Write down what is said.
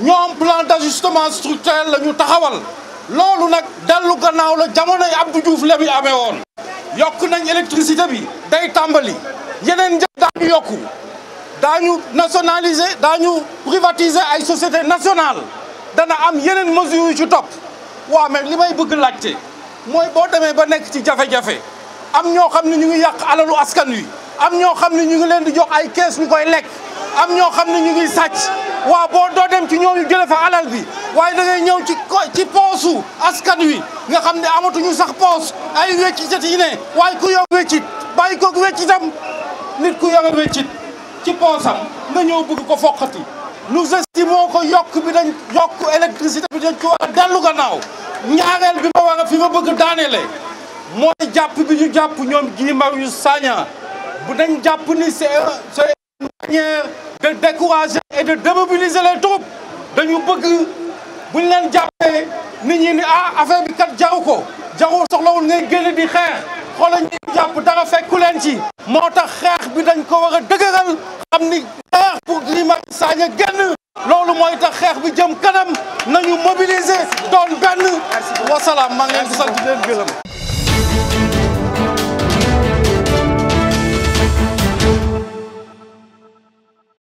ñoom plan d'ajustement structurel la ñu taxawal loolu nag dellu gannaaw la jamonoy Abdou Diouf lem bi amee woon yokk nañ électricité bi day tàmbali yeneen njëg daañu yokku daañu nationaliser daañu privatiser ay société nationale dana am yeneen mesures yu ci topp waaw mais li may bëgg laajte mooy boo demee ba nekk ci jafe-jafe am ñoo xam ne ñu ngi yàq alalu askan wi am ñoo xam ne ñu ngi leen di jox ay kees ñu koy lekk am ñoo xam ne ñu ngi sàcc waaw boo doo dem ci ñooñu jële fa alal bi waaye da ñëw ci ci poosu askan wi nga xam ne amatuñu sax poos ay wéccitat yi ne waaye ku yor wéccit bàyyi koog wéccitam nit ku yore wéccit ci poosam nga ñëw bëgg ko foqati nous estimons ko yokk bi dañ yokk électricité bi dañ ko war a dellu gannaaw ñaareel bi ma war a fi ma bëgg daaneele mooy jàpp bi ñu jàpp ñoom Guy Marius Sagna bu dañ jàpp ni c'est c'est une et de démobiliser les troupes dañu bëgg bu ñu leen jàppee nit ñi ni ah affaire bi kat jaru ko jaru soxlawul ngay génn di xeex xoola ñi jàpp dara fekku leen ci moo tax xeex bi dañ ko war a dëgëral xam ni xeex pour Guy Marius Sagna génn loolu mooy tax xeex bi jëm kanam nañu mobiliser doon benn wasalaam maa ngi leen di leen gërëm